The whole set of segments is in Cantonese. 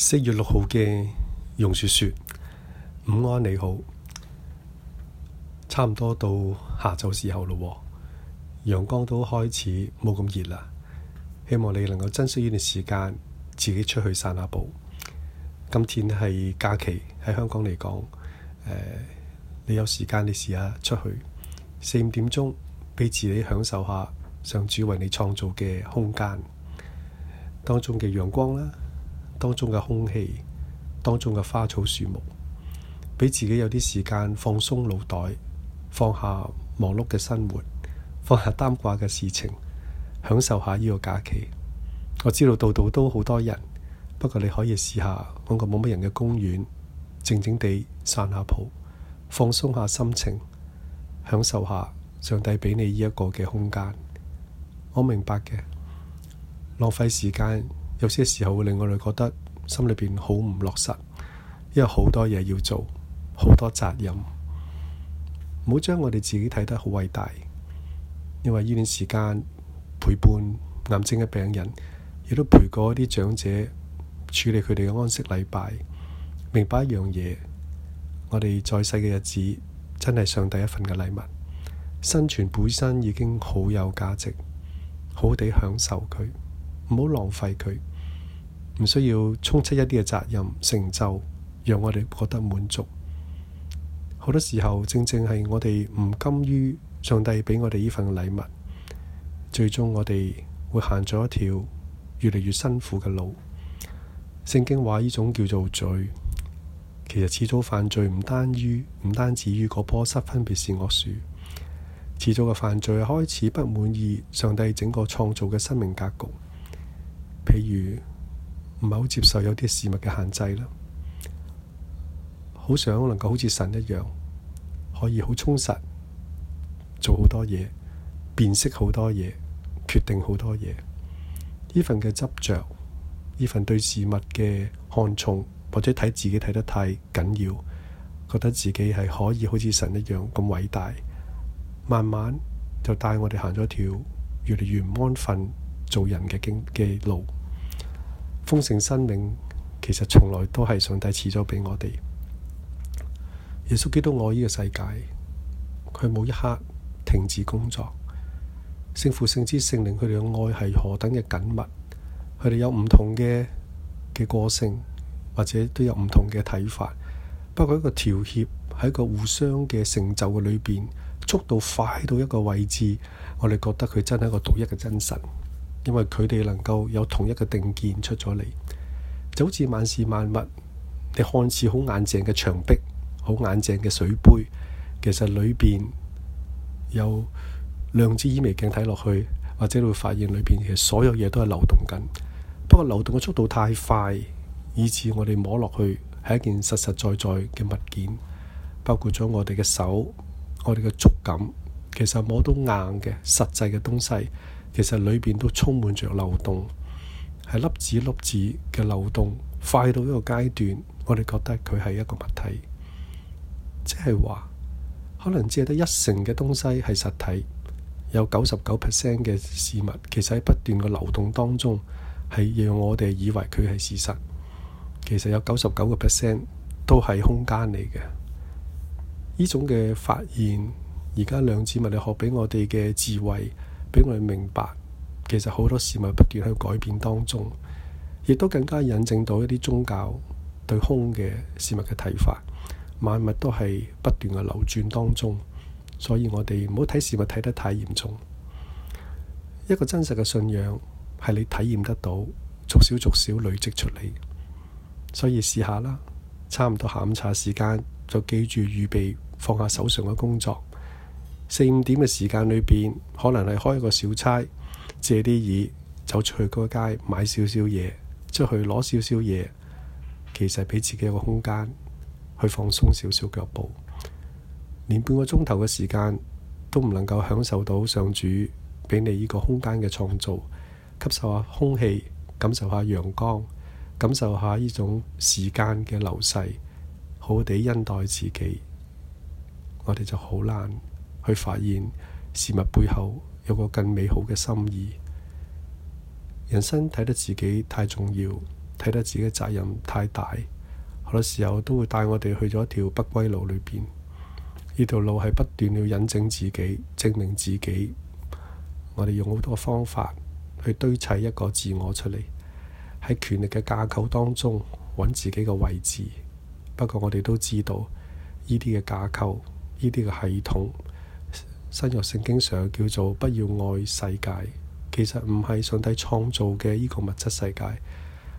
四月六號嘅榕樹說：午安你好，差唔多到下晝時候咯，陽光都開始冇咁熱啦。希望你能夠珍惜呢段時間，自己出去散下步。今天係假期喺香港嚟講，誒、呃，你有時間你試下出去，四五點鐘俾自己享受下上主為你創造嘅空間當中嘅陽光啦。當中嘅空氣，當中嘅花草樹木，俾自己有啲時間放鬆腦袋，放下忙碌嘅生活，放下擔掛嘅事情，享受下呢個假期。我知道度度都好多人，不過你可以試下去個冇乜人嘅公園，靜靜地散下步，放鬆下心情，享受下上帝俾你呢一個嘅空間。我明白嘅，浪費時間。有些時候會令我哋覺得心裏邊好唔落實，因為好多嘢要做，好多責任。唔好將我哋自己睇得好偉大，因為呢段時間陪伴癌症嘅病人，亦都陪過啲長者處理佢哋嘅安息禮拜。明白一樣嘢，我哋在世嘅日子真係上帝一份嘅禮物，生存本身已經好有價值，好好地享受佢。唔好浪費佢，唔需要充出一啲嘅責任成就，讓我哋覺得滿足。好多時候，正正係我哋唔甘於上帝畀我哋呢份禮物，最終我哋會行咗一條越嚟越辛苦嘅路。聖經話呢種叫做罪，其實始早犯罪唔單於唔單止於嗰波塞分別善惡樹，始早嘅犯罪開始不滿意上帝整個創造嘅生命格局。譬如唔係好接受有啲事物嘅限制啦，好想能夠好似神一樣，可以好充實，做好多嘢，辨識好多嘢，決定好多嘢。呢份嘅執着，呢份對事物嘅看重，或者睇自己睇得太緊要，覺得自己係可以好似神一樣咁偉大，慢慢就帶我哋行咗條越嚟越唔安分做人嘅經嘅路。豐盛生命其實從來都係上帝賜咗俾我哋。耶穌基督愛呢個世界，佢冇一刻停止工作。聖父、聖子、聖靈，佢哋嘅愛係何等嘅緊密？佢哋有唔同嘅嘅個性，或者都有唔同嘅睇法。包括一個調協喺個互相嘅成就嘅裏邊，速度快到一個位置，我哋覺得佢真係一個獨一嘅真神。因為佢哋能夠有同一個定見出咗嚟，就好似萬事萬物，你看似好硬淨嘅牆壁、好硬淨嘅水杯，其實裏邊有兩支依微鏡睇落去，或者你會發現裏邊其實所有嘢都係流動緊。不過流動嘅速度太快，以致我哋摸落去係一件實實在在嘅物件，包括咗我哋嘅手，我哋嘅觸感，其實摸到硬嘅實際嘅東西。其實裏邊都充滿着流動，係粒子粒子嘅流動。快到一個階段，我哋覺得佢係一個物體，即係話可能只係得一成嘅東西係實體，有九十九 percent 嘅事物其實喺不斷嘅流動當中，係讓我哋以為佢係事實。其實有九十九個 percent 都係空間嚟嘅。呢種嘅發現，而家量子物理學俾我哋嘅智慧。俾我哋明白，其實好多事物不斷喺改變當中，亦都更加引證到一啲宗教對空嘅事物嘅睇法，萬物都係不斷嘅流轉當中，所以我哋唔好睇事物睇得太嚴重。一個真實嘅信仰係你體驗得到，逐少逐少累積出嚟。所以試下啦，差唔多下午茶時間就記住預備放下手上嘅工作。四五點嘅時間裏邊，可能係開一個小差，借啲意走出去嗰街買少少嘢，出去攞少少嘢，其實俾自己一個空間去放鬆少少腳步。連半個鐘頭嘅時間都唔能夠享受到上主俾你呢個空間嘅創造，吸收下空氣，感受下陽光，感受下呢種時間嘅流逝，好好地恩待自己，我哋就好難。去發現事物背後有個更美好嘅心意。人生睇得自己太重要，睇得自己責任太大，好多時候都會帶我哋去咗一條不歸路裏邊。呢條路係不斷要引證自己，證明自己。我哋用好多方法去堆砌一個自我出嚟，喺權力嘅架構當中揾自己嘅位置。不過我哋都知道呢啲嘅架構，呢啲嘅系統。新約聖經上叫做不要愛世界，其實唔係上帝創造嘅呢個物質世界，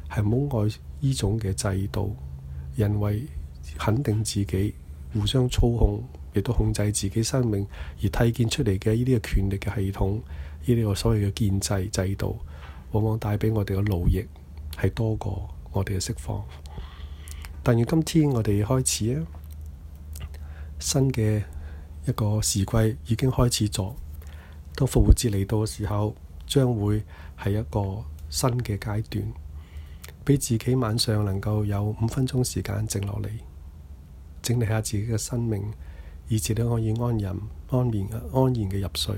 係冇愛呢種嘅制度，人為肯定自己，互相操控，亦都控制自己生命而替建出嚟嘅呢啲嘅權力嘅系統，呢啲個所謂嘅建制制度，往往帶畀我哋嘅奴役係多過我哋嘅釋放。但願今天我哋開始啊新嘅。一個時季已經開始咗，當復活節嚟到嘅時候，將會係一個新嘅階段，俾自己晚上能夠有五分鐘時間靜落嚟，整理下自己嘅生命，以至都可以安人安然、安然嘅入睡，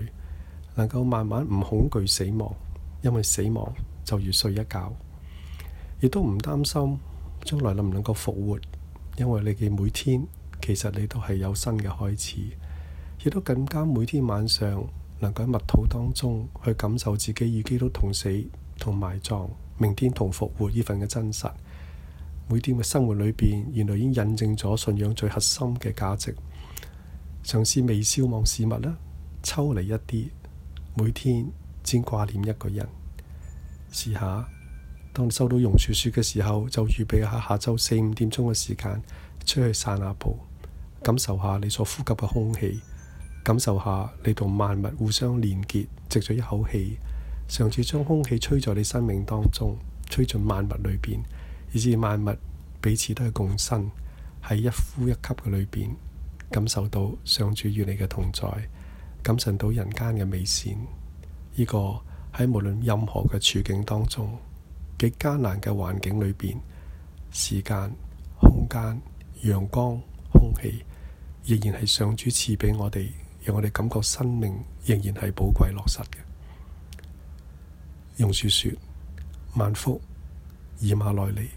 能夠慢慢唔恐懼死亡，因為死亡就如睡一覺，亦都唔擔心將來能唔能夠復活，因為你嘅每天其實你都係有新嘅開始。亦都更加每天晚上能夠喺默禱當中去感受自己與基督同死同埋葬，明天同復活，呢份嘅真實。每天嘅生活裏邊，原來已經印證咗信仰最核心嘅價值。嘗試未消亡事物啦，抽離一啲，每天先掛念一個人。試下，當你收到榕樹樹嘅時候，就預備下下周四五點鐘嘅時間出去散下步，感受下你所呼吸嘅空氣。感受下你同萬物互相連結，藉咗一口氣，上主將空氣吹在你生命當中，吹進萬物裏邊，以至萬物彼此都係共生，喺一呼一吸嘅裏邊，感受到上主與你嘅同在，感受到人間嘅美善。呢、呢個喺無論任何嘅處境當中，極艱難嘅環境裏邊，時間、空間、陽光、空氣，仍然係上主賜俾我哋。讓我哋感覺生命仍然係寶貴落實嘅。用説説，萬福以馬內利。